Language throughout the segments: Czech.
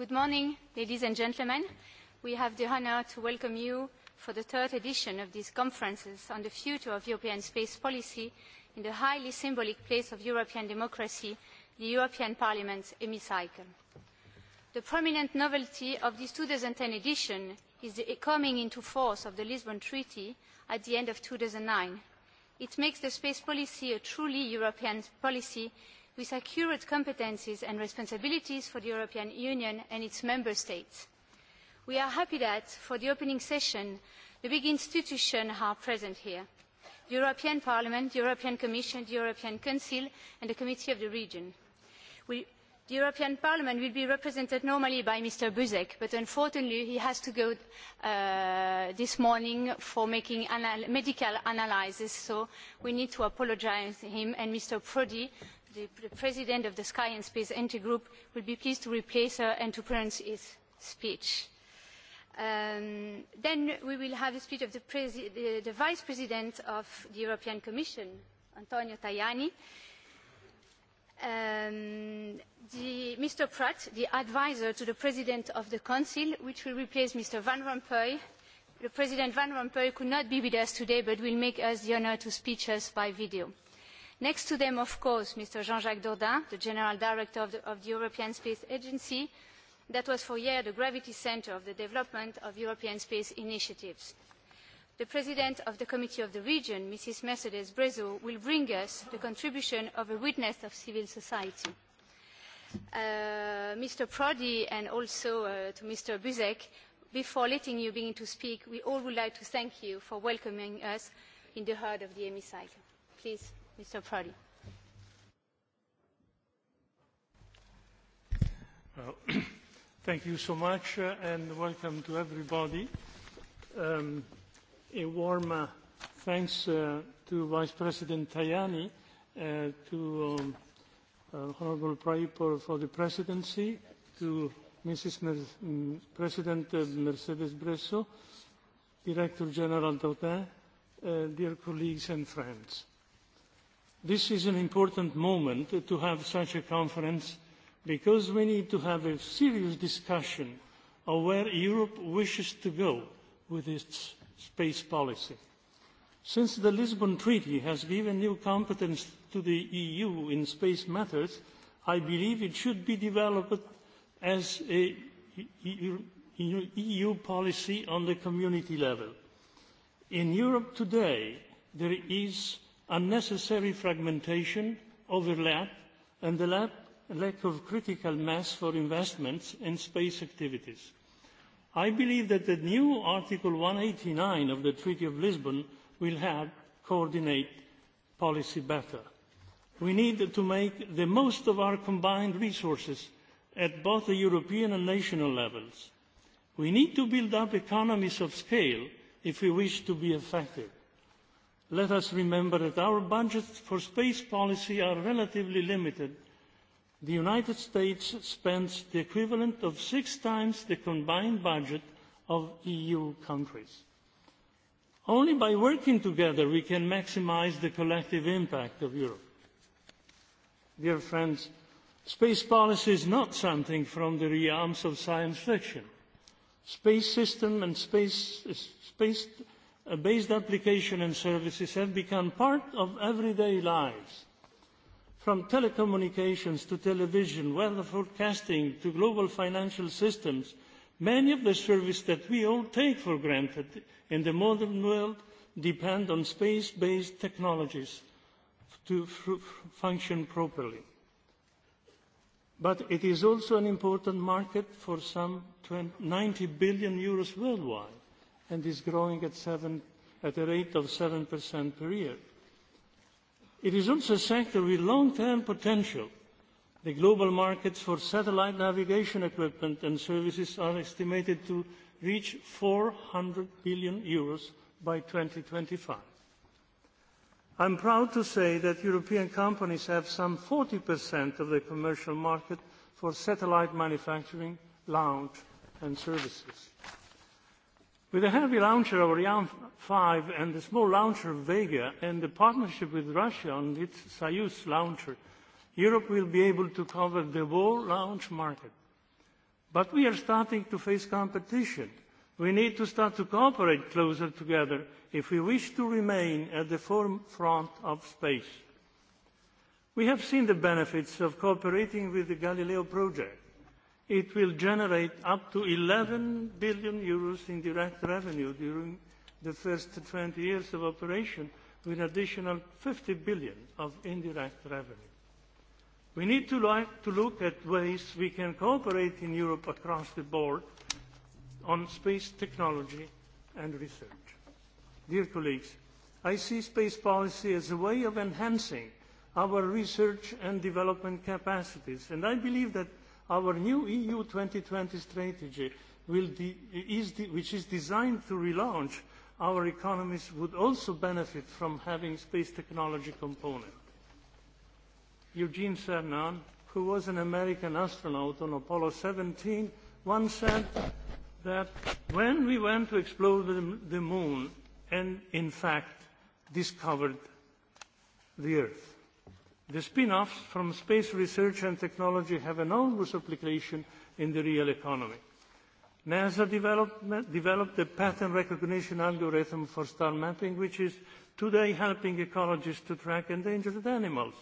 Good morning, ladies and gentlemen. We have the honor to welcome you for the third edition of these conferences on the future of European space policy in the highly symbolic place of European democracy, the European Parliament's hemicycle. The prominent novelty of this 2010 edition is the coming into force of the Lisbon Treaty at the end of 2009. It makes the space policy a truly European policy with accurate competences and responsibilities for the European Union and its member states. We are happy that, for the opening session, the big institutions are present here. The European Parliament, the European Commission, the European Council and the Committee of the Region. We, the European Parliament will be represented normally by Mr. Buzek, but unfortunately he has to go uh, this morning for making anal medical analysis, so we need to apologise to him and Mr. Prodi, the president of the Sky and Space Intergroup, will be pleased to replace her and to pronounce his speech. Um, then we will have the speech of the, the, the Vice President of the European Commission, Antonio Tajani. Um, the, Mr. Pratt, the advisor to the President of the Council, which will replace Mr. Van Rompuy. The President Van Rompuy could not be with us today, but will make us the honour to speak us by video Next to them, of course, Mr. Jean-Jacques Dordain, the General Director of the, of the European Space Agency, that was for years the gravity centre of the development of European space initiatives. The President of the Committee of the Region, Mrs. Mercedes Brezo, will bring us the contribution of a witness of civil society. Uh, Mr. Prodi and also uh, to Mr. Buzek, before letting you begin to speak, we all would like to thank you for welcoming us in the heart of the hemicycle. Please. thank you so much uh, and welcome to everybody. Um, a warm uh, thanks uh, to Vice President Tajani, uh, to um, uh, Honorable Praipor for the presidency, to Mrs. Mer- um, President uh, Mercedes Bresso, Director General Dautin, uh, dear colleagues and friends this is an important moment to have such a conference because we need to have a serious discussion of where Europe wishes to go with its space policy. Since the Lisbon Treaty has given new competence to the EU in space matters, I believe it should be developed as a EU policy on the community level. In Europe today, there is unnecessary fragmentation, overlap, and the lack, of critical mass for investments in space activities. I believe that the new Article 189 of the Treaty of Lisbon will help coordinate policy better. We need to make the most of our combined resources at both the European and national levels. We need to build up economies of scale if we wish to be effective let us remember that our budgets for space policy are relatively limited. The United States spends the equivalent of six times the combined budget of EU countries. Only by working together we can maximise the collective impact of Europe. Dear friends, space policy is not something from the realms of science fiction. Space system and space, space based application and services have become part of everyday lives. From telecommunications to television, weather forecasting to global financial systems, many of the services that we all take for granted in the modern world depend on space-based technologies to function properly. But it is also an important market for some 90 billion euros worldwide and is growing at, seven, at a rate of 7% per year. It is also a sector with long-term potential. The global markets for satellite navigation equipment and services are estimated to reach 400 billion euros by 2025. I'm proud to say that European companies have some 40% of the commercial market for satellite manufacturing, launch and services. With the heavy launcher of Ariane 5 and the small launcher of Vega and the partnership with Russia on its Soyuz launcher, Europe will be able to cover the whole launch market. But we are starting to face competition. We need to start to cooperate closer together if we wish to remain at the forefront of space. We have seen the benefits of cooperating with the Galileo project it will generate up to 11 billion euros in direct revenue during the first 20 years of operation, with an additional 50 billion of indirect revenue. We need to, like, to look at ways we can cooperate in Europe across the board on space technology and research. Dear colleagues, I see space policy as a way of enhancing our research and development capacities, and I believe that Our new EU 2020 strategy, will de is de which is designed to relaunch our economies, would also benefit from having space technology component. Eugene Cernan, who was an American astronaut on Apollo 17, once said that when we went to explore the, the moon and, in fact, discovered the Earth, The spin-offs from space research and technology have enormous application in the real economy. NASA developed, a pattern recognition algorithm for star mapping, which is today helping ecologists to track endangered animals,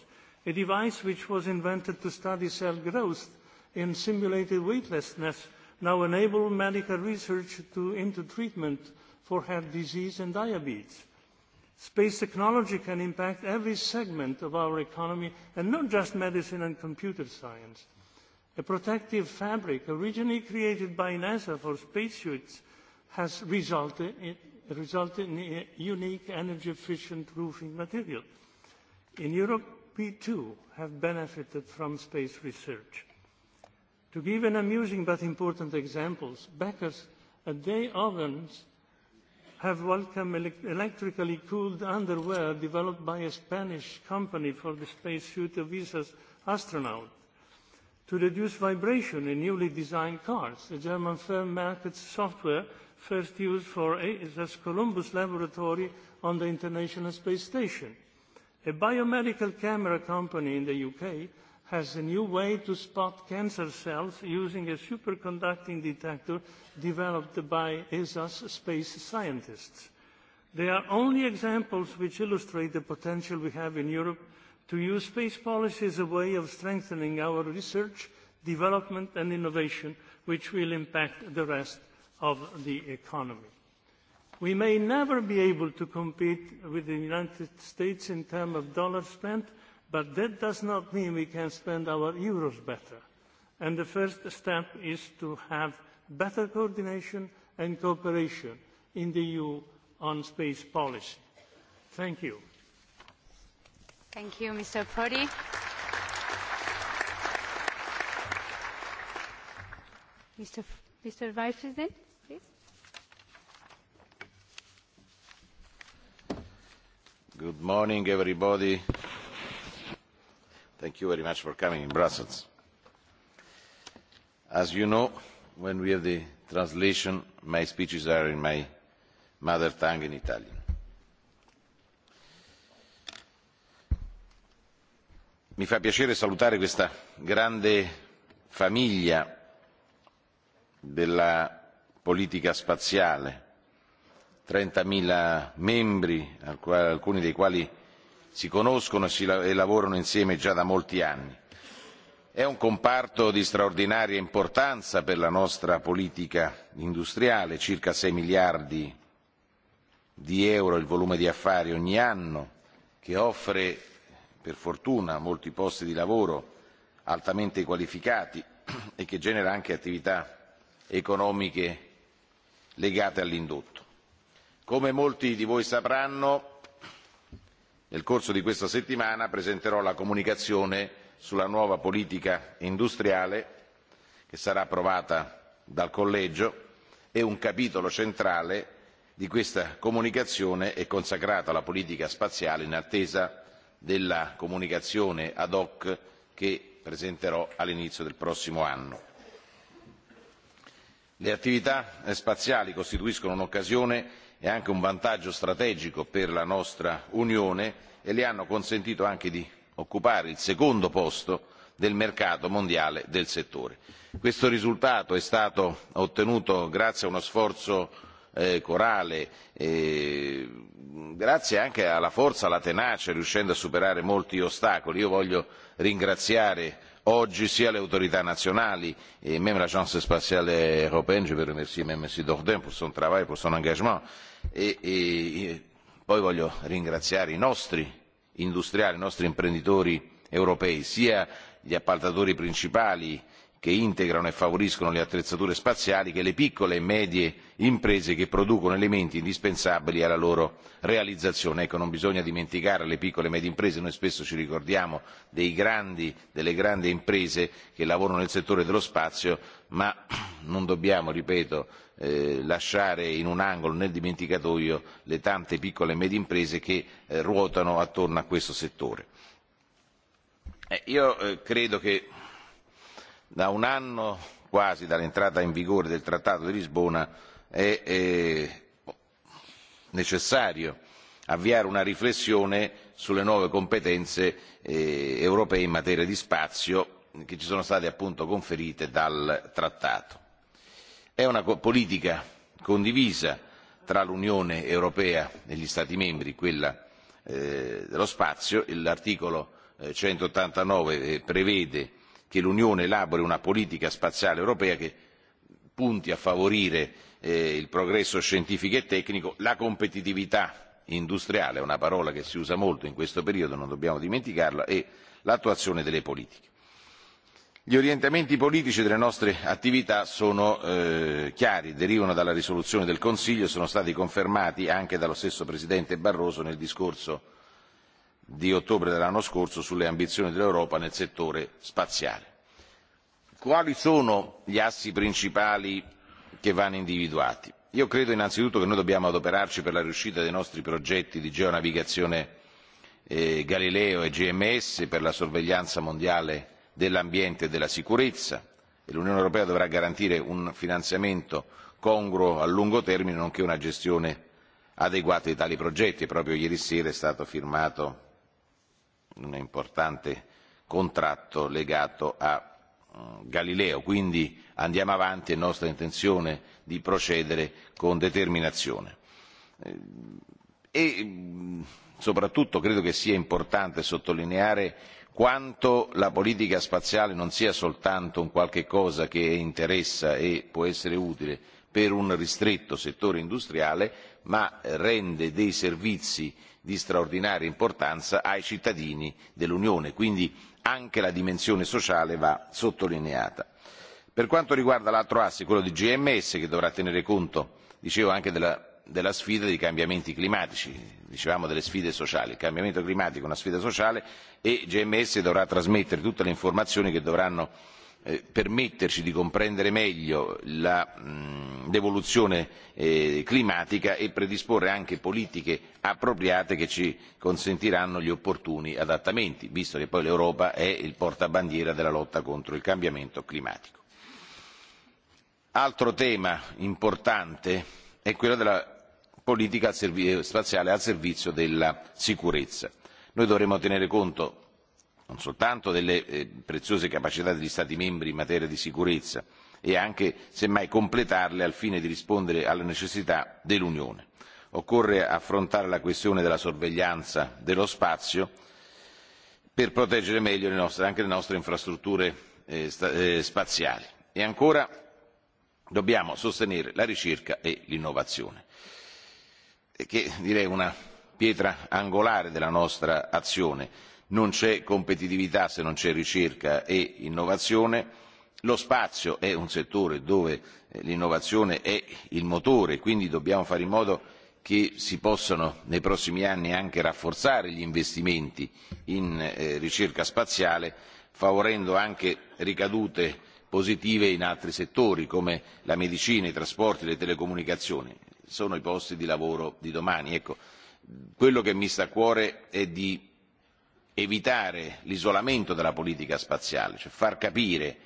a device which was invented to study cell growth in simulated weightlessness, now enable medical research into treatment for heart disease and diabetes Space technology can impact every segment of our economy and not just medicine and computer science. A protective fabric originally created by NASA for spacesuits has resulted in, resulted in a unique energy efficient roofing material. In Europe, we too have benefited from space research. To give an amusing but important example, bakers at day ovens have welcomed electrically cooled underwear developed by a Spanish company for the space suit of ESA's astronaut. To reduce vibration in newly designed cars, a German firm markets software first used for ESA's Columbus laboratory on the International Space Station. A biomedical camera company in the UK has a new way to spot cancer cells using a superconducting detector developed by ESA's space scientists. They are only examples which illustrate the potential we have in Europe to use space policy as a way of strengthening our research, development and innovation, which will impact the rest of the economy. We may never be able to compete with the United States in terms of dollars spent But that does not mean we can spend our euros better. And the first step is to have better coordination and cooperation in the EU on space policy. Thank you. Thank you, Mr. Prodi. Mr. Mr. Vice President, please. Good morning, everybody Thank you very much for coming to Brussels. As you know, when we have the translation, my speeches are in my mother tongue in Italian. Mi fa piacere salutare questa grande famiglia della politica spaziale, trentamila membri, alcuni dei quali si conoscono e, e lavorano insieme già da molti anni. è un comparto di straordinaria importanza per la nostra politica industriale circa sei miliardi di euro il volume di affari ogni anno che offre per fortuna molti posti di lavoro altamente qualificati e che genera anche attività economiche legate all'indotto. come molti di voi sapranno nel corso di questa settimana presenterò la comunicazione sulla nuova politica industriale che sarà approvata dal collegio e un capitolo centrale di questa comunicazione è consacrato alla politica spaziale in attesa della comunicazione ad hoc che presenterò all'inizio del prossimo anno. le attività spaziali costituiscono un'occasione è anche un vantaggio strategico per la nostra unione e le hanno consentito anche di occupare il secondo posto del mercato mondiale del settore. questo risultato è stato ottenuto grazie a uno sforzo eh, corale eh, grazie anche alla forza e alla tenacia riuscendo a superare molti ostacoli. voglio ringraziare oggi sia le autorités nationales et même l'agence spatiale européenne je veux remercier même m. daerden pour son travail pour son engagement et poi voglio ringraziare i nostri industriali i nostri imprenditori europei sia gli appaltatori principali che integrano e favoriscono le attrezzature spaziali che le piccole e medie imprese che producono elementi indispensabili alla loro realizzazione. non bisogna dimenticare le piccole e medie imprese, noi spesso ci ricordiamo delle grandi imprese che lavorano nel settore dello spazio, ma non dobbiamo, ripeto, eh, lasciare in un angolo nel dimenticatoio le tante piccole e medie imprese che eh, ruotano attorno a questo settore. Eh, io credo che da un anno quasi dall'entrata in vigore del trattato di lisbona è, necessario avviare una riflessione sulle nuove competenze eh, europee in materia di spazio che ci sono state appunto conferite dal trattato. è una politica condivisa tra l'unione europea e gli stati membri quella eh, dello spazio l'articolo eh, centottantanove prevede che l'unione elabori una politica spaziale europea che punti a favorire eh, il progresso scientifico e tecnico la competitività industriale una parola che si usa molto in questo periodo non dobbiamo dimenticarla e l'attuazione delle politiche. gli orientamenti politici delle nostre attività sono eh, chiari derivano dalla risoluzione del consiglio e sono stati confermati anche dallo stesso presidente barroso nel discorso di ottobre dell'anno scorso sulle ambizioni dell'Europa nel settore spaziale. Quali sono gli assi principali che vanno individuati? Io credo innanzitutto che noi dobbiamo adoperarci per la riuscita dei nostri progetti di geonavigazione eh, Galileo e GMS per la sorveglianza mondiale dell'ambiente e della sicurezza e l'Unione Europea dovrà garantire un finanziamento congruo a lungo termine nonché una gestione adeguata di tali progetti e proprio ieri sera è stato firmato un importante contratto legato a mm, Galileo. Quindi andiamo avanti, è nostra intenzione di procedere con determinazione. Eh, e mm, soprattutto credo che sia importante sottolineare quanto la politica spaziale non sia soltanto un qualche cosa che interessa e può essere utile per un ristretto settore industriale, ma rende dei servizi di straordinaria importanza ai cittadini dell'unione quindi anche la dimensione sociale va sottolineata. per quanto riguarda l'altro asse quello di gms che dovrà tenere conto dicevo anche della sfida dei cambiamenti climatici dicevamo delle sfide sociali il cambiamento climatico è una sfida sociale e gms dovrà trasmettere tutte le informazioni che dovranno Eh, permetterci di comprendere meglio l'evoluzione eh, climatica e predisporre anche politiche appropriate che ci consentiranno gli opportuni adattamenti visto che poi l'europa è il portabandiera della lotta contro il cambiamento climatico. altro tema importante è quello della politica eh, spaziale al servizio della sicurezza. noi dovremo tenere conto non soltanto delle eh, preziose capacità degli stati membri in materia di sicurezza e anche semmai completarle al fine di rispondere alle necessità dell'unione. occorre affrontare la questione della sorveglianza dello spazio per proteggere meglio le nostre, anche le nostre infrastrutture eh, eh, spaziali e ancora dobbiamo sostenere la ricerca e l'innovazione che direi è una pietra angolare della nostra azione non c'è competitività se non c'è ricerca e innovazione lo spazio è un settore dove eh, l'innovazione è il motore quindi dobbiamo fare in modo che si possano nei prossimi anni anche rafforzare gli investimenti in eh, ricerca spaziale favorendo anche ricadute positive in altri settori come la medicina i trasporti le telecomunicazioni sono i posti di lavoro di domani. quello che mi sta a cuore è di evitare l'isolamento della politica spaziale cioè far capire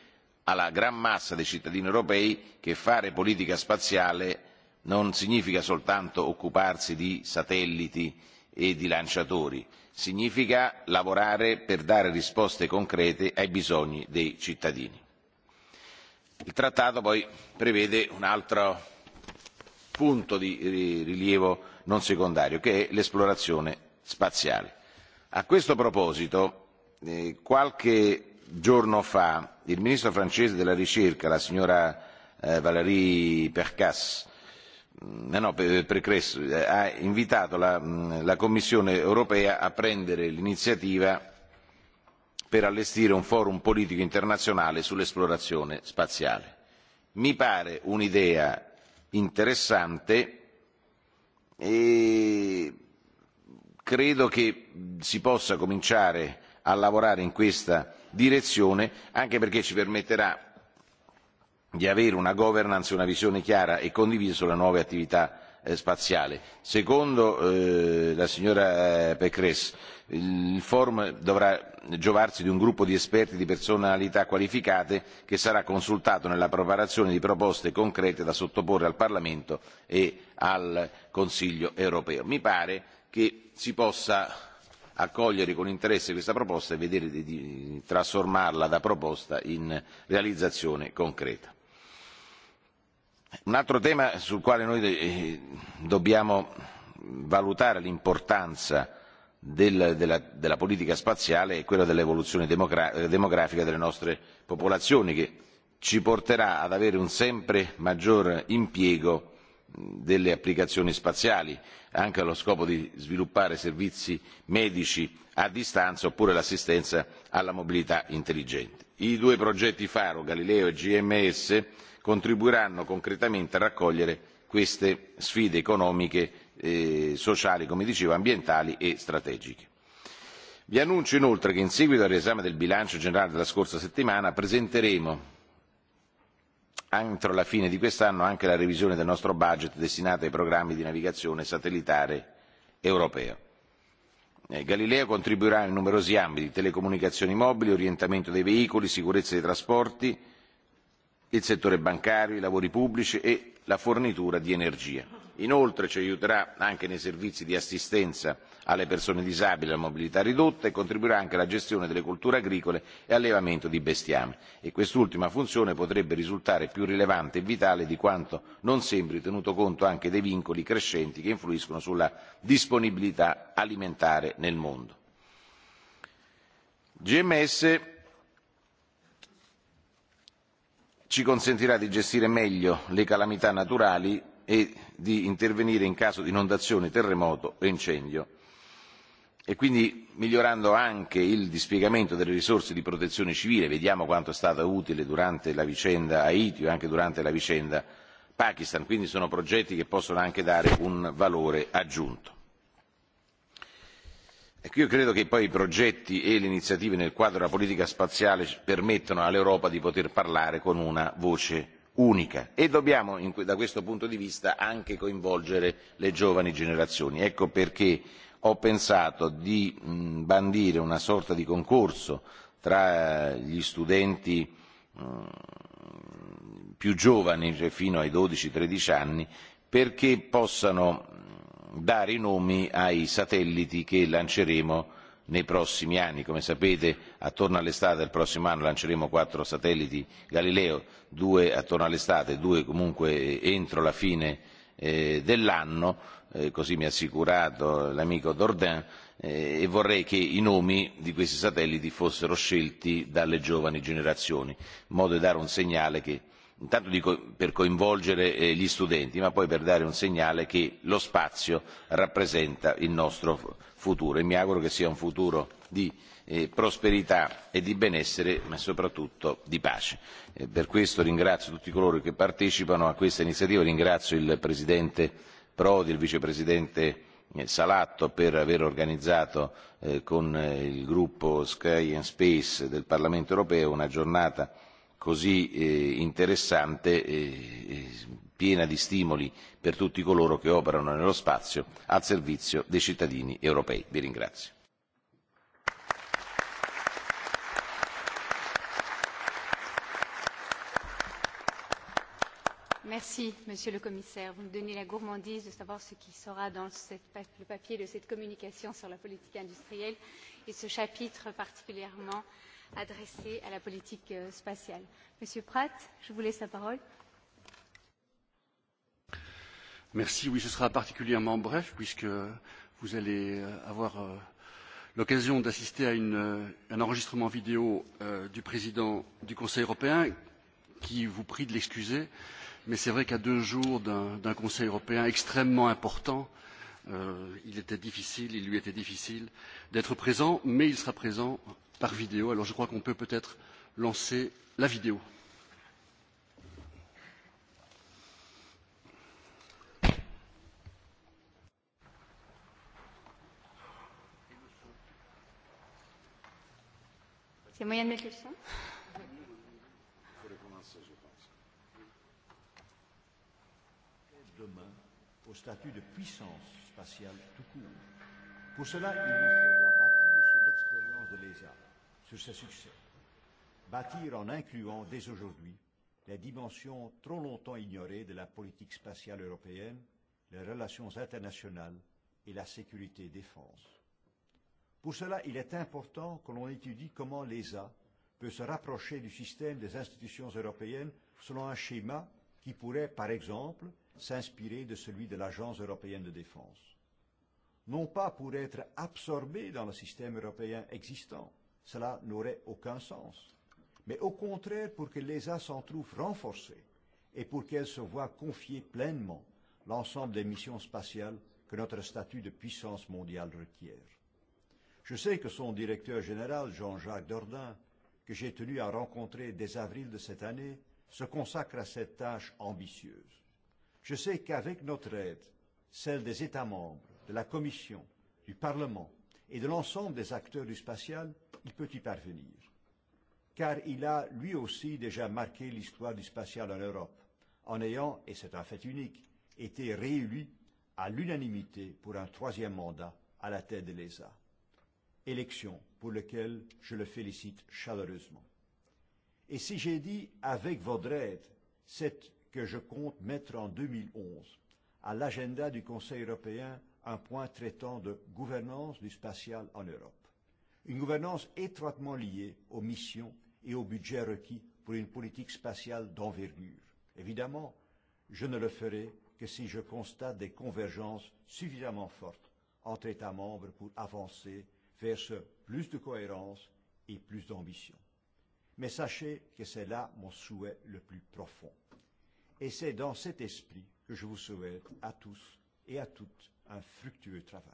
alla gran massa dei cittadini europei che fare politica spaziale non significa soltanto occuparsi di satelliti e di lanciatori significa lavorare per dare risposte concrete ai bisogni dei cittadini. il trattato poi prevede un altro punto di rilievo non secondario che è l'esplorazione spaziale a questo proposito eh, qualche giorno fa il ministro francese della ricerca la signora eh, valérie pécresse mm, eh, no, ha invitato mm, la commissione europea a prendere l'iniziativa per allestire un forum politico internazionale sull'esplorazione spaziale. mi pare un'idea interessante e credo che si possa cominciare a lavorare in questa direzione anche perché ci permetterà di avere una governance e una visione chiara e condivisa sulle nuove attività eh, spaziali. secondo eh, la signora eh, pécresse il forum dovrà giovarsi di un gruppo di esperti e di personalità qualificate che sarà consultato nella preparazione di proposte concrete da sottoporre al parlamento e al consiglio europeo. mi pare che si possa accogliere con interesse questa proposta e vedere di trasformarla da proposta in realizzazione concreta. un altro tema sul quale noi eh, dobbiamo valutare l'importanza del, della, della politica spaziale è quello dell'evoluzione demografica delle nostre popolazioni che ci porterà ad avere un sempre maggior impiego delle applicazioni spaziali anche allo scopo di sviluppare servizi medici a distanza oppure l'assistenza alla mobilità intelligente. i due progetti faro galileo e gms contribuiranno concretamente a raccogliere queste sfide economiche eh, sociali come dicevo ambientali e strategiche. vi annuncio inoltre che in seguito all'esame del bilancio generale della scorsa settimana presenteremo entro la fine di quest'anno anche la revisione del nostro budget destinato ai programmi di navigazione satellitare europeo. Eh, galileo contribuirà in numerosi ambiti telecomunicazioni mobili orientamento dei veicoli sicurezza dei trasporti il settore bancario i lavori pubblici e la fornitura di energia. inoltre ci aiuterà anche nei servizi di assistenza alle persone disabili e alla mobilità ridotta e contribuirà anche alla gestione delle colture agricole e all'allevamento di bestiame e quest'ultima funzione potrebbe risultare più rilevante e vitale di quanto non sembri tenuto conto anche dei vincoli crescenti che influiscono sulla disponibilità alimentare nel mondo. gms ci consentirà di gestire meglio le calamità naturali e di intervenire in caso di inondazione terremoto o e incendio e quindi migliorando anche il dispiegamento delle risorse di protezione civile vediamo quanto è stata utile durante la vicenda haiti o anche durante la vicenda pakistan quindi sono progetti che possono anche dare un valore aggiunto. io credo che poi i progetti e le iniziative nel quadro della politica spaziale permettano all'europa di poter parlare con una voce unica e dobbiamo da questo punto di vista anche coinvolgere le giovani generazioni ecco perché ho pensato di bandire una sorta di concorso tra eh, gli studenti più giovani, cioè fino ai dodici tredici anni, perché possano dare i nomi ai satelliti che lanceremo nei prossimi anni. Come sapete, attorno all'estate del prossimo anno lanceremo quattro satelliti Galileo, due attorno all'estate, due comunque entro la fine eh, dell'anno Eh, così mi ha assicurato l'amico Dordain, eh, e vorrei che i nomi di questi satelliti fossero scelti dalle giovani generazioni, in modo da dare un segnale che intanto dico, per coinvolgere eh, gli studenti, ma poi per dare un segnale che lo spazio rappresenta il nostro futuro e mi auguro che sia un futuro di eh, prosperità e di benessere, ma soprattutto di pace. Eh, per questo ringrazio tutti coloro che partecipano a questa iniziativa, ringrazio il Presidente Prodi, il vicepresidente Salatto per aver organizzato eh, con eh, il gruppo Sky and Space del Parlamento europeo una giornata così eh, interessante e, e piena di stimoli per tutti coloro che operano nello spazio al servizio dei cittadini europei. Vi ringrazio. merci, Monsieur le Commissaire. Vous me donnez la gourmandise de savoir ce qui sera dans le papier de cette communication sur la politique industrielle et ce chapitre particulièrement adressé à la politique euh, spatiale. Monsieur Pratt, je vous laisse la parole. Merci. Oui, ce sera particulièrement bref puisque vous allez euh, avoir euh, l'occasion d'assister à une, un enregistrement vidéo euh, du président du Conseil européen qui vous prie de l'excuser. Euh, mais c'est vrai qu'à deux jours d'un Conseil européen extrêmement important, euh, il était difficile, il lui était difficile d'être présent, mais il sera présent par vidéo. Alors je crois qu'on peut peut-être lancer la vidéo. C'est moyen de mettre le son commun au statut de puissance spatiale tout court. Pour cela, il nous faudra bâtir sur l'expérience de l'ESA, sur ses succès. Bâtir en incluant dès aujourd'hui les dimensions trop longtemps ignorées de la politique spatiale européenne, les relations internationales et la sécurité-défense. Pour cela, il est important que l'on étudie comment l'ESA peut se rapprocher du système des institutions européennes selon un schéma qui pourrait, par exemple, s'inspirer de celui de l'Agence européenne de défense. Non pas pour être absorbé dans le système européen existant, cela n'aurait aucun sens, mais au contraire pour que l'ESA s'en trouve renforcée et pour qu'elle se voie confier pleinement l'ensemble des missions spatiales que notre statut de puissance mondiale requiert. Je sais que son directeur général, Jean-Jacques Dordain, que j'ai tenu à rencontrer dès avril de cette année, se consacre à cette tâche ambitieuse. Je sais qu'avec notre aide, celle des États membres, de la Commission, du Parlement et de l'ensemble des acteurs du spatial, il peut y parvenir. Car il a lui aussi déjà marqué l'histoire du spatial en Europe, en ayant, et c'est un fait unique, été réélu à l'unanimité pour un troisième mandat à la tête de l'ESA. Élection pour laquelle je le félicite chaleureusement. Et si j'ai dit avec votre aide, c'est que je compte mettre en 2011 à l'agenda du Conseil européen un point traitant de gouvernance du spatial en Europe. Une gouvernance étroitement liée aux missions et au budget requis pour une politique spatiale d'envergure. Évidemment, je ne le ferai que si je constate des convergences suffisamment fortes entre États membres pour avancer vers ce plus de cohérence et plus d'ambition. Mais sachez que c'est là mon souhait le plus profond. Et c'est dans cet esprit que je vous souhaite à tous et à toutes un fructueux travail.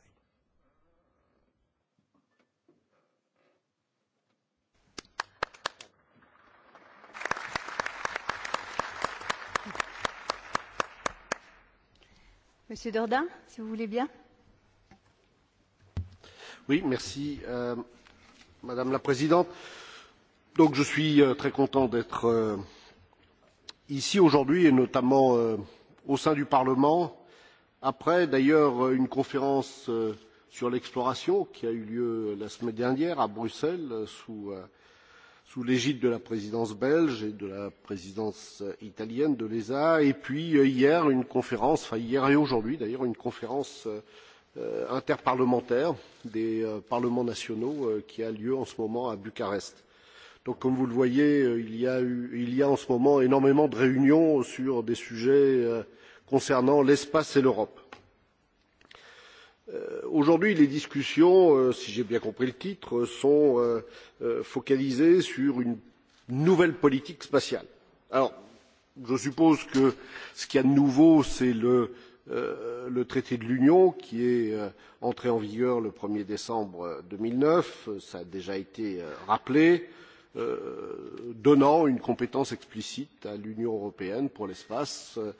Monsieur Dordain, si vous voulez bien. Oui, merci, euh, Madame la Présidente. Donc, je suis euh, très content d'être euh, ici aujourd'hui et notamment euh, au sein du parlement après d'ailleurs une conférence euh, sur l'exploration qui a eu lieu la semaine dernière à bruxelles sous, euh, l'égide de la présidence belge et de la présidence italienne de l'esa et puis hier une conférence enfin hier et aujourd'hui d'ailleurs une conférence interparlementaire des parlements nationaux qui a lieu en ce moment à bucarest. Donc, comme vous le voyez, euh, il y, a en ce moment énormément de réunions sur des sujets euh, concernant l'espace et l'Europe. Euh, aujourd'hui, les discussions, si j'ai bien compris le titre, sont focalisées sur une nouvelle politique spatiale. Alors, je suppose que ce qu'il y a de nouveau, c'est le, traité de l'Union qui est entré en vigueur le un er décembre deux mille neuf cela a déjà été rappelé. Euh, donnant une compétence explicite à l'Union européenne pour l'espace, euh,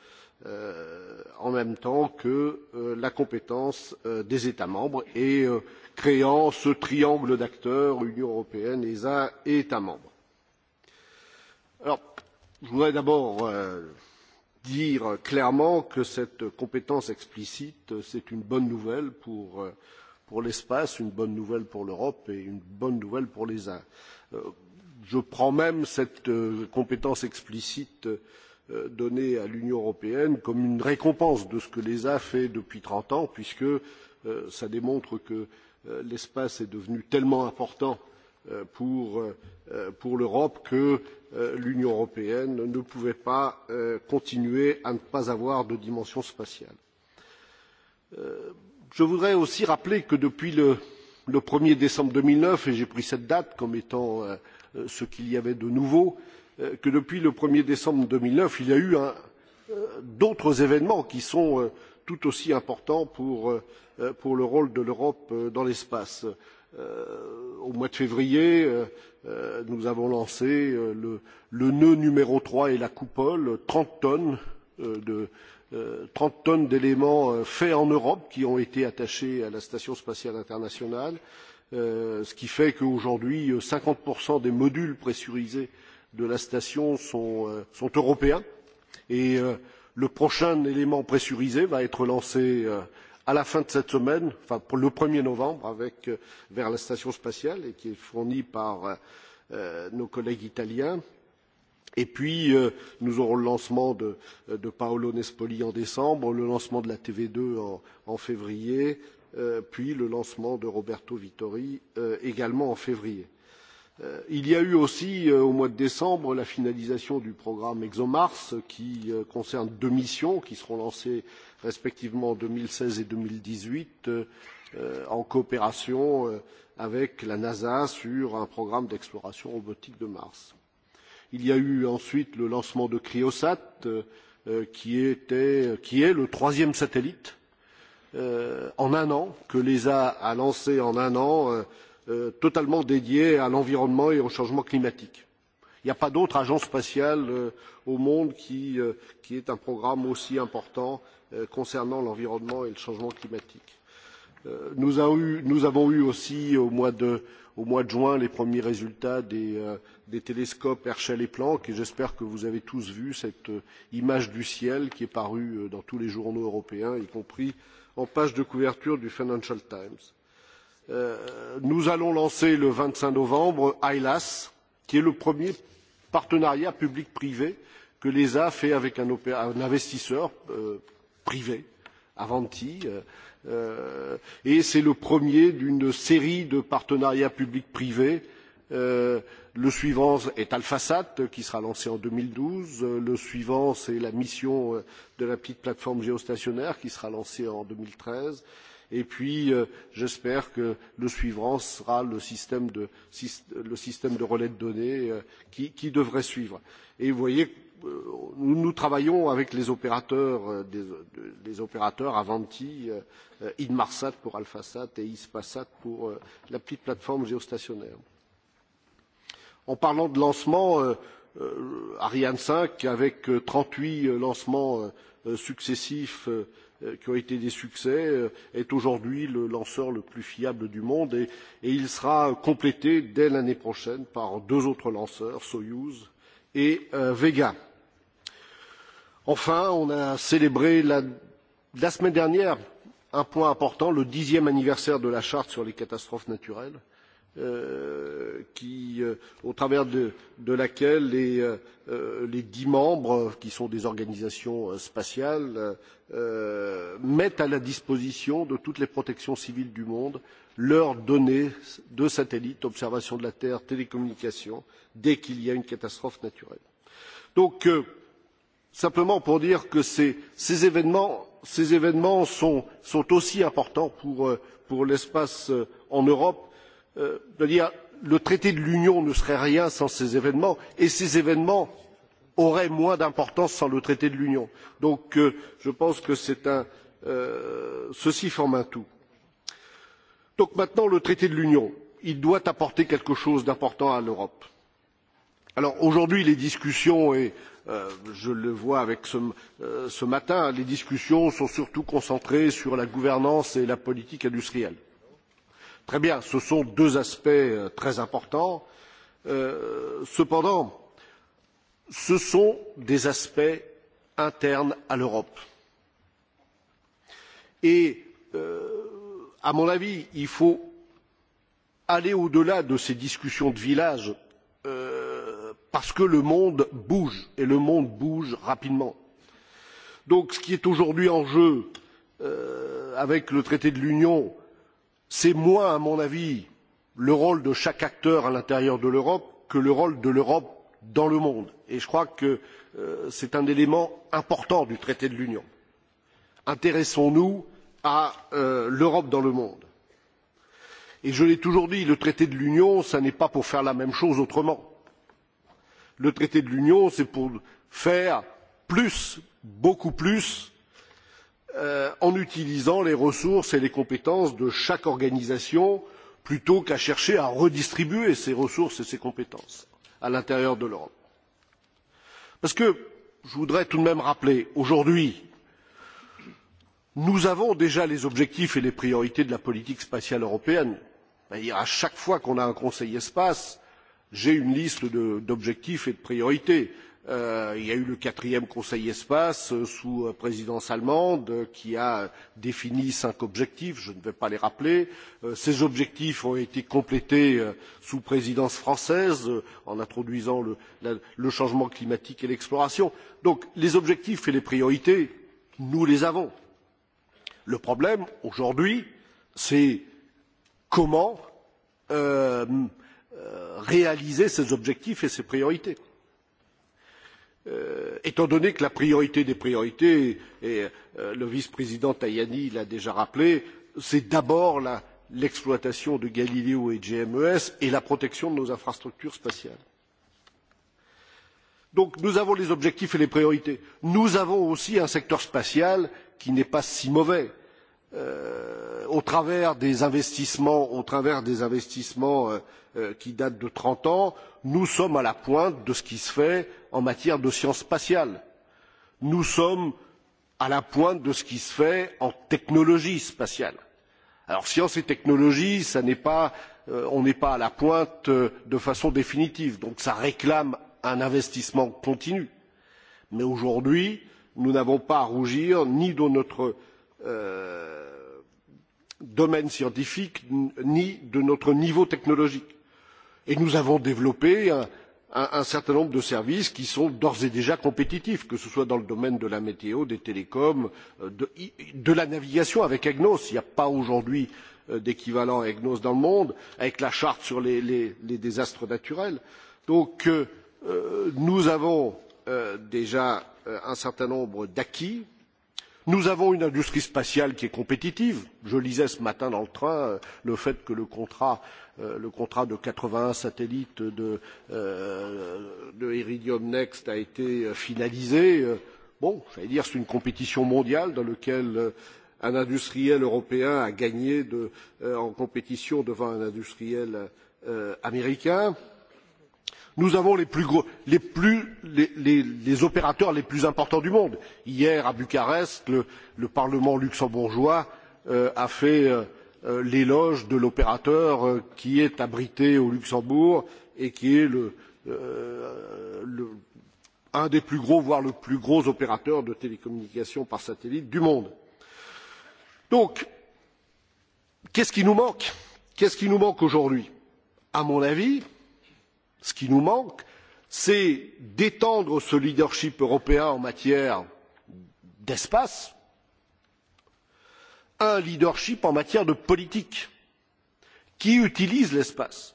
euh, en même temps que la compétence des États membres et créant ce triangle d'acteurs Union européenne, ESA et États membres. je voudrais d'abord dire clairement que cette compétence explicite, est une bonne nouvelle pour, l'espace, une bonne nouvelle pour l'Europe et une bonne nouvelle pour l'ESA je prends même cette euh, compétence explicite euh, donnée à l'union européenne comme une récompense de ce que l'esa fait depuis trente ans puisque cela euh, démontre que l'espace est devenu tellement important pour, l'europe que l'union européenne ne pouvait pas continuer à ne pas avoir de dimension spatiale. je voudrais aussi rappeler que depuis le un er décembre deux mille neuf et j'ai pris cette date comme étant Euh, ce qu'il y avait de nouveau euh, que depuis le un er décembre deux mille neuf il y a eu euh, d'autres événements qui sont tout aussi importants pour, pour le rôle de l'europe dans l'espace. au mois de février nous avons lancé le, le nœud numéro trois et la coupole trente tonnes de trente tonnes d'éléments faits en europe qui ont été attachés à la station spatiale internationale Euh, ce qui fait qu'aujourd'hui euh, cinquante des modules pressurisés de la station sont, euh, sont européens et le prochain élément pressurisé va être lancé à la fin de cette semaine enfin le un er novembre avec, vers la station spatiale et qui est fourni par nos collègues italiens et puis nous aurons le lancement de, de paolo nespoli en décembre le lancement de la tv deux en, en février Euh, puis le lancement de Roberto Vittori euh, également en février. Euh, il y a eu aussi au mois de décembre la finalisation du programme ExoMars qui concerne deux missions qui seront lancées respectivement en 2016 et 2018 en coopération avec la NASA sur un programme d'exploration robotique de Mars. Il y a eu ensuite le lancement de Cryosat qui, était, qui est le troisième satellite Euh, en un an que l'esa a lancé en un an euh, euh, totalement dédié à l'environnement et au changement climatique. il n'y a pas d'autre agence spatiale au monde qui ait un programme aussi important concernant l'environnement et le changement climatique. nous avons eu aussi au mois de au mois de juin les premiers résultats des, euh, des télescopes Herschel et Planck et j'espère que vous avez tous vu cette image du ciel qui est parue dans tous les journaux européens, y compris en page de couverture du Financial Times. Euh, nous allons lancer le 25 novembre ILAS, qui est le premier partenariat public-privé que l'ESA fait avec un, un investisseur euh, privé, Avanti, euh, euh, et c'est le premier d'une série de partenariats public-privé euh, Le suivant est AlphaSat, qui sera lancé en 2012. Le suivant, c'est la mission euh, de la petite plateforme géostationnaire, qui sera lancée en 2013. Et puis, euh, j'espère que le suivant sera le système de, le système de relais de données euh, qui, qui devrait suivre. Et vous voyez, nous, nous travaillons avec les opérateurs, des, les opérateurs Avanti, Inmarsat pour AlphaSat et Ispasat pour la petite plateforme géostationnaire en parlant de lancement, euh, euh Ariane 5, avec 38 euh, euh, lancements euh, successifs euh, qui ont été des succès, euh, est aujourd'hui le lanceur le plus fiable du monde et, et il sera complété dès l'année prochaine par deux autres lanceurs, Soyuz et euh, Vega. Enfin, on a célébré la, la semaine dernière un point important, le dixième anniversaire de la charte sur les catastrophes naturelles Euh, euh, au travers de, laquelle euh, les, dix membres, qui sont des organisations spatiales, mettent à la disposition de toutes les protections civiles du monde leurs données de satellites, observation de la Terre, télécommunications, dès qu'il y a une catastrophe naturelle. Donc, simplement pour dire que ces, ces événements, ces événements sont, sont aussi importants pour, pour l'espace en Europe Euh, le traité de l'union ne serait rien sans ces événements et ces événements auraient moins d'importance sans le traité de l'union. donc euh, je pense que euh, ceci forme un tout. maintenant le traité de l'union doit apporter quelque chose d'important à l'europe. alors aujourd'hui les discussions et je le vois avec ce, ce matin les discussions sont surtout concentrées sur la gouvernance et la politique industrielle. Très bien, ce sont deux aspects euh, très importants. Euh, cependant, ce sont des aspects internes à l'Europe. Et, euh, à mon avis, il faut aller au-delà de ces discussions de village euh, parce que le monde bouge et le monde bouge rapidement. Donc ce qui est aujourd'hui en jeu euh, avec le traité de l'Union, c'est moins à mon avis le rôle de chaque acteur à l'intérieur de l'europe que le rôle de l'europe dans le monde et je crois que euh, c'est un élément important du traité de l'union. intéressons nous à euh, l'europe dans le monde. et je l'ai toujours dit le traité de l'union ce n'est pas pour faire la même chose autrement. le traité de l'union c'est pour faire plus beaucoup plus Euh, en utilisant les ressources et les compétences de chaque organisation plutôt qu'à chercher à redistribuer ces ressources et ces compétences à l'intérieur de l'europe. parce que je voudrais tout de même rappeler aujourd'hui nous avons déjà les objectifs et les priorités de la politique spatiale européenne à dire à chaque fois qu'on a un conseil espace j'ai une liste d'objectifs et de priorités. Euh, il y a eu le quatrième Conseil espace euh, sous euh, présidence allemande euh, qui a défini cinq objectifs, je ne vais pas les rappeler. Euh, ces objectifs ont été complétés euh, sous présidence française euh, en introduisant le, la, le changement climatique et l'exploration. Donc les objectifs et les priorités, nous les avons. Le problème aujourd'hui, c'est comment euh, euh réaliser ces objectifs et ces priorités euh, étant donné que la priorité des priorités, et euh, le vice-président Tajani l'a déjà rappelé, c'est d'abord l'exploitation de Galileo et de GMES et la protection de nos infrastructures spatiales. Donc nous avons les objectifs et les priorités. Nous avons aussi un secteur spatial qui n'est pas si mauvais. Euh, au travers des investissements, au travers des investissements euh, euh, qui datent de 30 ans, nous sommes à la pointe de ce qui se fait en matière de science spatiale. nous sommes à la pointe de ce qui se fait en technologie spatiale. alors science et technologie, n'est technologies euh, on n'est pas à la pointe euh, de façon définitive donc cela réclame un investissement continu mais aujourd'hui nous n'avons pas à rougir ni de notre euh, domaine scientifique ni de notre niveau technologique et nous avons développé un, un, certain nombre de services qui sont d'ores et déjà compétitifs que ce soit dans le domaine de la météo des télécoms euh, de, de la navigation avec egnos il n'y a pas aujourd'hui euh, d'équivalent egnos dans le monde avec la charte sur les, les, les désastres naturels. donc euh, euh nous avons euh, déjà un certain nombre d'acquis nous avons une industrie spatiale qui est compétitive je lisais ce matin dans le train euh, le fait que le contrat euh, le contrat de quatre vingt un satellites de, euh, de Iridium Next a été finalisé. Bon, j'allais dire, c'est une compétition mondiale dans laquelle un industriel européen a gagné de, en compétition devant un industriel américain. Euh, nous avons les, plus gros, les, plus, les, les, les opérateurs les plus importants du monde. hier à bucarest le, le parlement luxembourgeois euh, a fait euh, euh l'éloge de l'opérateur euh, qui est abrité au luxembourg et qui est le, euh, le, un des plus gros voire le plus gros opérateur de télécommunications par satellite du monde. donc qu'est ce qui nous manque? qu'est ce qui nous manque aujourd'hui? à mon avis ce qui nous manque c'est d'étendre ce leadership européen en matière d'espace à un leadership en matière de politique qui utilise l'espace.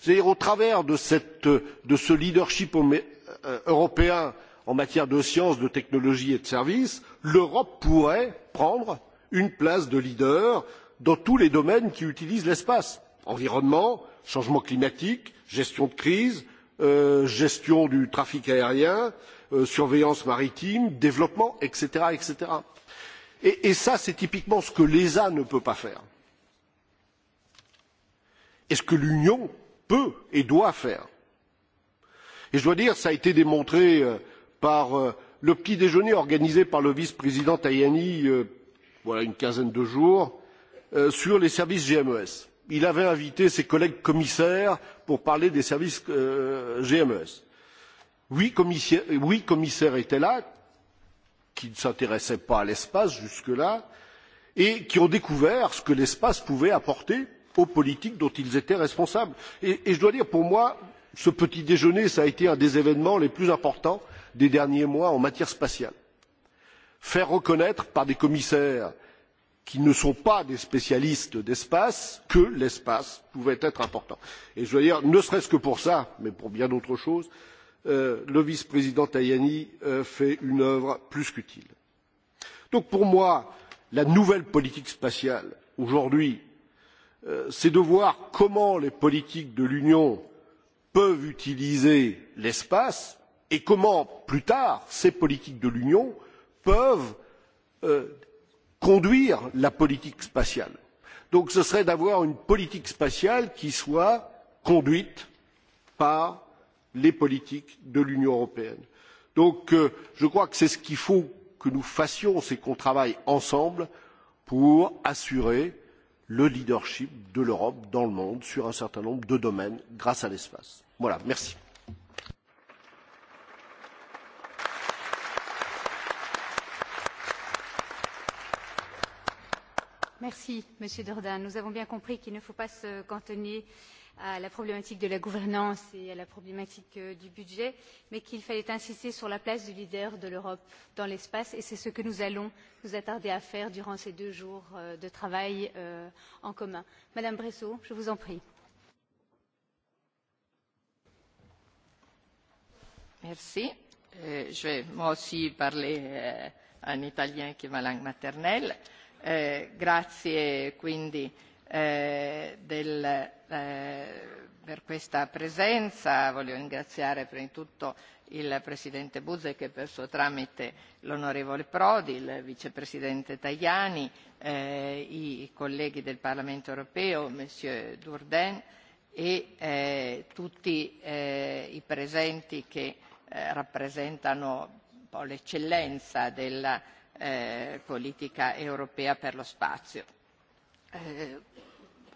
c'est à dire au travers de, cette, de ce leadership euh, européen en matière de sciences de technologies et de services l'europe pourrait prendre une place de leader dans tous les domaines qui utilisent l'espace environnement changement climatique gestion de crise euh, gestion du trafic aérien euh, surveillance maritime développement etc. etc. et, et ça c'est typiquement ce que l'esa ne peut pas faire et ce que l'union peut et doit faire. et je dois dire cela a été démontré euh, par euh, le petit déjeuner organisé par le vice président tajani euh, voilà une quinzaine de jours sur les services gmes il avait invité ses collègues commissaires pour parler des services euh, gmes. huit commissaires, étaient là qui ne s'intéressaient pas à l'espace jusque là et qui ont découvert ce que l'espace pouvait apporter aux politiques dont ils étaient responsables. je dois dire pour moi ce petit déjeuner a été un des événements les plus importants des derniers mois en matière spatiale. faire reconnaître par des commissaires qui ne sont pas des spécialistes d'espace que l'espace pouvait être important. Et je dois dire, ne serait-ce que pour ça, mais pour bien d'autres choses, euh, le vice-président Tajani euh, fait une œuvre plus qu'utile. Donc pour moi, la nouvelle politique spatiale aujourd'hui, euh, c'est de voir comment les politiques de l'Union peuvent utiliser l'espace et comment plus tard ces politiques de l'Union peuvent euh, conduire la politique spatiale. donc ce serait d'avoir une politique spatiale qui soit conduite par les politiques de l'union européenne. donc euh, je crois que c'est ce qu'il faut que nous fassions c'est qu'on travaille ensemble pour assurer le leadership de l'europe dans le monde sur un certain nombre de domaines grâce à l'espace. voilà merci. Monsieur Dordain. Nous avons bien compris qu'il ne faut pas se cantonner à la problématique de la gouvernance et à la problématique euh, du budget, mais qu'il fallait insister sur la place du leader de l'Europe dans l'espace, et c'est ce que nous allons nous attarder à faire durant ces deux jours euh, de travail euh, en commun. Madame bresso je vous en prie. Merci. je vais moi aussi parler euh, en italien qui est ma langue maternelle. Eh, grazie quindi eh, eh, per questa presenza. Voglio ringraziare prima di tutto il Presidente Buzek e per suo tramite l'onorevole Prodi, il Vicepresidente Tajani, i colleghi del Parlamento europeo, Monsieur daerden e tutti i presenti che rappresentano un po' l'eccellenza della Eh, politica europea per lo spazio. Eh,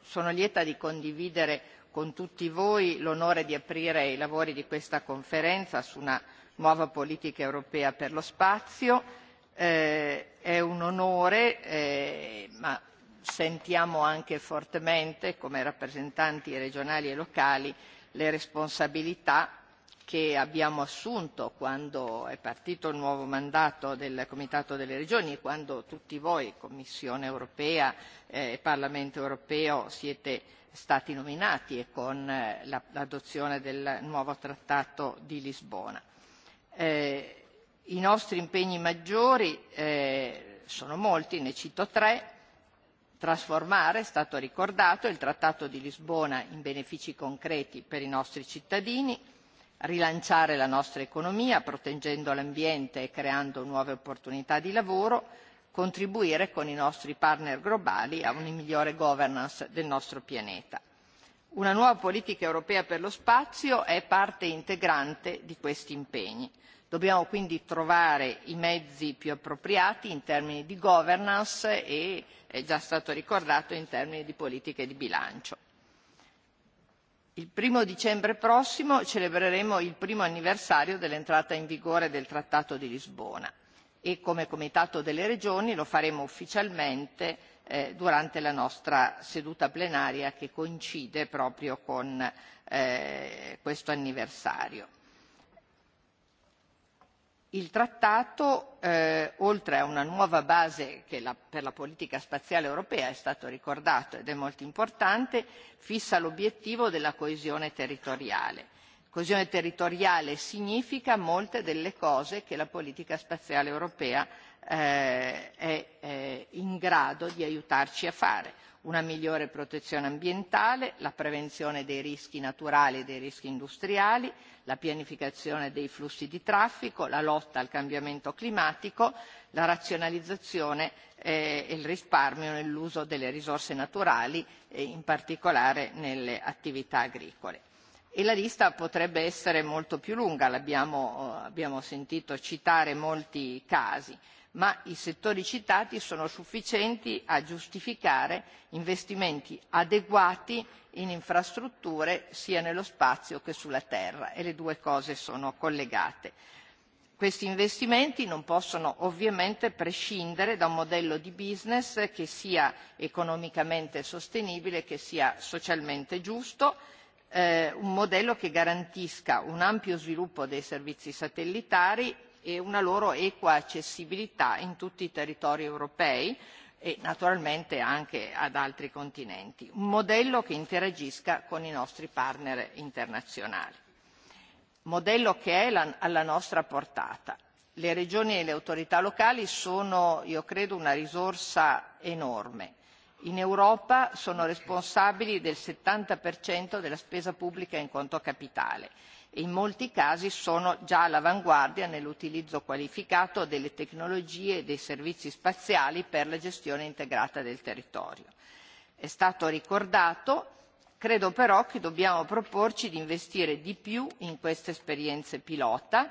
sono lieta di condividere con tutti voi l'onore di aprire i lavori di questa conferenza su una nuova politica europea per lo spazio. Eh, è un onore, eh, ma sentiamo anche fortemente, come rappresentanti regionali e locali, le responsabilità che abbiamo assunto quando è partito il nuovo mandato del Comitato delle Regioni, e quando tutti voi, Commissione europea eh, e Parlamento europeo, siete stati nominati e con eh, l'adozione del nuovo Trattato di Lisbona. Eh, I nostri impegni maggiori eh, sono molti, ne cito tre. Trasformare, è stato ricordato, il Trattato di Lisbona in benefici concreti per i nostri cittadini, rilanciare la nostra economia proteggendo l'ambiente e creando nuove opportunità di lavoro contribuire con i nostri partner globali a una migliore governance del nostro pianeta. una nuova politica europea per lo spazio è parte integrante di questi impegni. dobbiamo quindi trovare i mezzi più appropriati in termini di governance e è già stato ricordato in termini di politiche di bilancio il uno dicembre prossimo celebreremo il primo anniversario dell'entrata in vigore del trattato di lisbona e come comitato delle regioni lo faremo ufficialmente eh, durante la nostra seduta plenaria che coincide proprio con eh, questo anniversario il trattato eh, oltre a una nuova base per la politica spaziale europea è stato ricordato ed è molto importante fissa l'obiettivo della coesione territoriale. coesione territoriale significa molte delle cose che la politica spaziale europea eh, è eh, in grado di aiutarci a fare una migliore protezione ambientale la prevenzione dei rischi naturali e dei rischi industriali la pianificazione dei flussi di traffico la lotta al cambiamento climatico la razionalizzazione eh, e il risparmio nell'uso delle risorse naturali e in particolare nelle attività agricole. E la lista potrebbe essere molto più lunga l'abbiamo abbiamo sentito citare molti casi ma i settori citati sono sufficienti a giustificare investimenti adeguati in infrastrutture sia nello spazio che sulla terra e le due cose sono collegate. Questi investimenti non possono ovviamente prescindere da un modello di business che sia economicamente sostenibile, che sia socialmente giusto, eh, un modello che garantisca un ampio sviluppo dei servizi satellitari e una loro equa accessibilità in tutti i territori europei e naturalmente anche ad altri continenti un modello che interagisca con i nostri partner internazionali modello che è la, alla nostra portata. Le regioni e le autorità locali sono, io credo, una risorsa enorme. In Europa sono responsabili del 70% della spesa pubblica in conto capitale e in molti casi sono già all'avanguardia nell'utilizzo qualificato delle tecnologie e dei servizi spaziali per la gestione integrata del territorio. È stato ricordato, credo però che dobbiamo proporci di investire di più in queste esperienze pilota,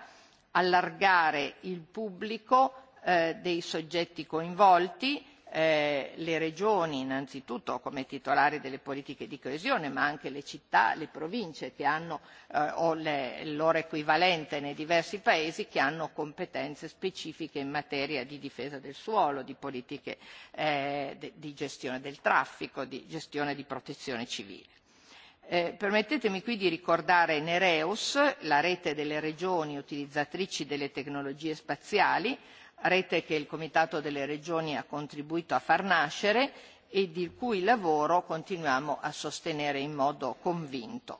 allargare il pubblico eh, dei soggetti coinvolti, eh, le regioni innanzitutto come titolari delle politiche di coesione ma anche le città, le province che hanno eh, o le, il loro equivalente nei diversi paesi che hanno competenze specifiche in materia di difesa del suolo, di politiche eh, de, di gestione del traffico, di gestione di protezione civile. Eh, permettetemi qui di ricordare Nereus, la rete delle regioni utilizzatrici delle tecnologie spaziali, rete che il comitato delle regioni ha contribuito a far nascere e di cui lavoro continuiamo a sostenere in modo convinto.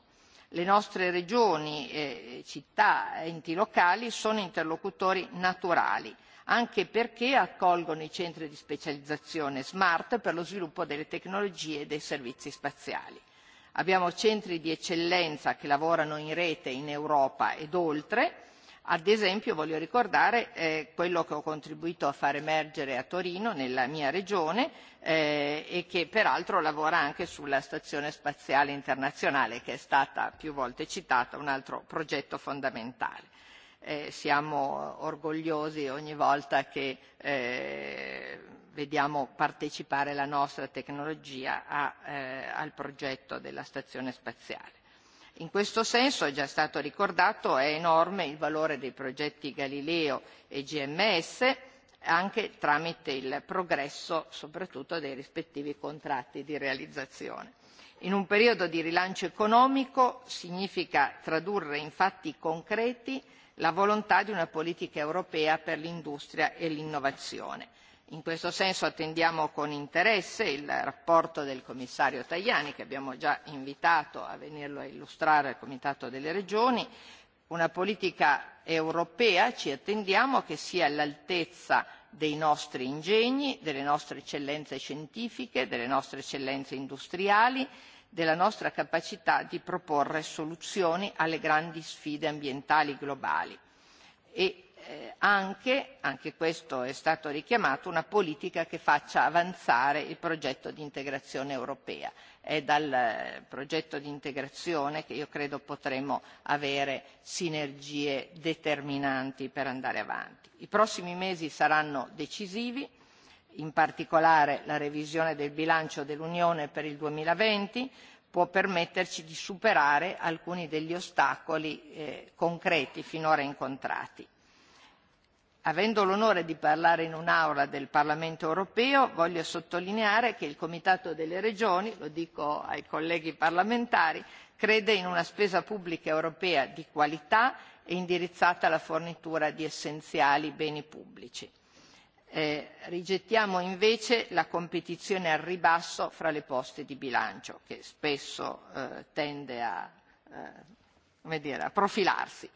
Le nostre regioni, eh, città ed enti locali sono interlocutori naturali, anche perché accolgono i centri di specializzazione smart per lo sviluppo delle tecnologie e dei servizi spaziali. Abbiamo centri di eccellenza che lavorano in rete in Europa ed oltre, ad esempio voglio ricordare eh, quello che ho contribuito a far emergere a torino nella mia regione eh, e che peraltro lavora anche sulla stazione spaziale internazionale che è stata più volte citata un altro progetto fondamentale. Eh, siamo orgogliosi ogni volta che vediamo partecipare la nostra tecnologia al progetto della stazione spaziale in questo senso è già stato ricordato è enorme il valore dei progetti galileo e gms anche tramite il progresso soprattutto dei rispettivi contratti di realizzazione. in un periodo di rilancio economico significa tradurre in fatti concreti la volontà di una politica europea per l'industria e l'innovazione. In questo senso attendiamo con interesse il rapporto del commissario Tajani, che abbiamo già invitato a venirlo a illustrare al Comitato delle Regioni. Una politica europea ci attendiamo che sia all'altezza dei nostri ingegni, delle nostre eccellenze scientifiche, delle nostre eccellenze industriali, della nostra capacità di proporre soluzioni alle grandi sfide ambientali globali. E Eh, anche, anche questo è stato richiamato, una politica che faccia avanzare il progetto di integrazione europea. È dal eh, progetto di integrazione che io credo potremo avere sinergie determinanti per andare avanti. I prossimi mesi saranno decisivi, in particolare la revisione del bilancio dell'Unione per il 2020, può permetterci di superare alcuni degli ostacoli eh, concreti finora incontrati avendo l'onore di parlare in un'aula del parlamento europeo voglio sottolineare che il comitato delle regioni lo dico ai colleghi parlamentari crede in una spesa pubblica europea di qualità e indirizzata alla fornitura di essenziali beni pubblici. Eh, rigettiamo invece la competizione al ribasso fra le poste di bilancio che spesso eh, tende a eh, profilarsi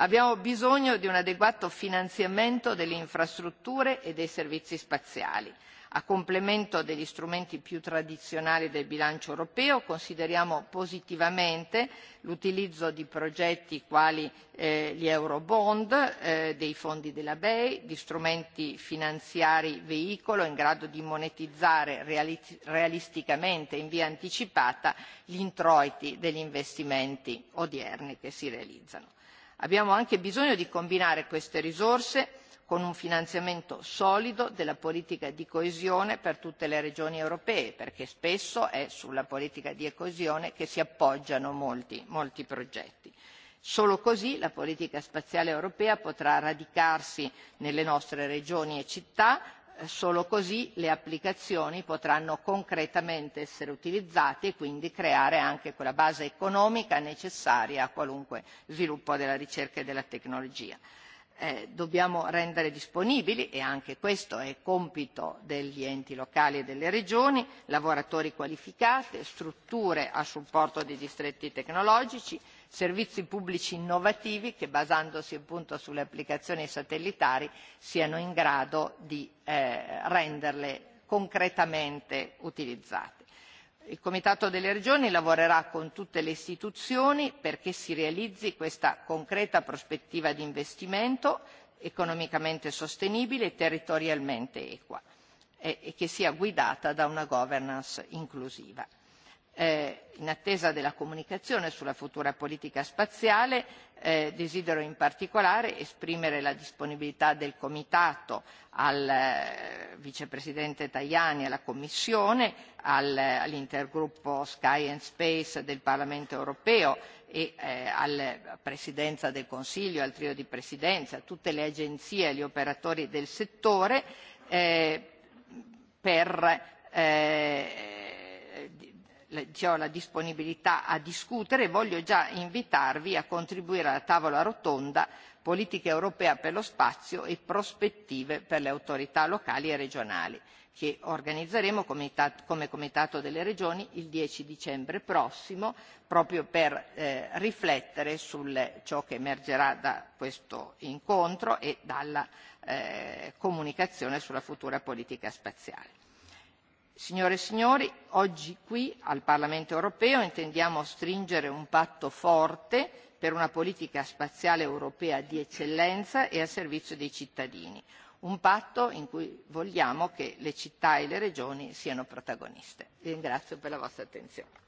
abbiamo bisogno di un adeguato finanziamento delle infrastrutture e dei servizi spaziali. a complemento degli strumenti più tradizionali del bilancio europeo consideriamo positivamente l'utilizzo di progetti quali eh, gli eurobond eh, dei fondi della bei di strumenti finanziari veicolo in grado di monetizzare realisticamente in via anticipata gli introiti degli investimenti odierni che si realizzano abbiamo anche bisogno di combinare queste risorse con un finanziamento solido della politica di coesione per tutte le regioni europee perché spesso è sulla politica di coesione che si appoggiano molti, progetti. Solo così la politica spaziale europea potrà radicarsi nelle nostre regioni e città Solo così le applicazioni potranno concretamente essere utilizzate e quindi creare anche quella base economica necessaria a qualunque sviluppo della ricerca e della tecnologia. Eh, dobbiamo rendere disponibili e anche questo è compito degli enti locali e delle regioni lavoratori qualificati strutture a supporto dei distretti tecnologici servizi pubblici innovativi che basandosi appunto sulle applicazioni satellitari siano in grado di eh, renderle concretamente utilizzate. Il Comitato delle Regioni lavorerà con tutte le istituzioni perché si realizzi questa concreta prospettiva di investimento economicamente sostenibile e territorialmente equa e, e che sia guidata da una governance inclusiva in attesa della comunicazione sulla futura politica spaziale eh, desidero in particolare esprimere la disponibilità del comitato al eh, vicepresidente tajani alla commissione all'intergruppo sky and space del parlamento europeo e eh, alla presidenza del consiglio al trio di presidenza a tutte le agenzie e agli operatori del settore per ho la disponibilità a discutere e voglio già invitarvi a contribuire alla tavola rotonda politica europea per lo spazio e prospettive per le autorità locali e regionali che organizzeremo come comitato delle regioni il dieci dicembre prossimo proprio per eh, riflettere su ciò che emergerà da questo incontro e dalla eh, comunicazione sulla futura politica spaziale signore e signori oggi qui al parlamento europeo intendiamo stringere un patto forte per una politica spaziale europea di eccellenza e al servizio dei cittadini un patto in cui vogliamo che le città e le regioni siano protagoniste. vi ringrazio per la vostra attenzione.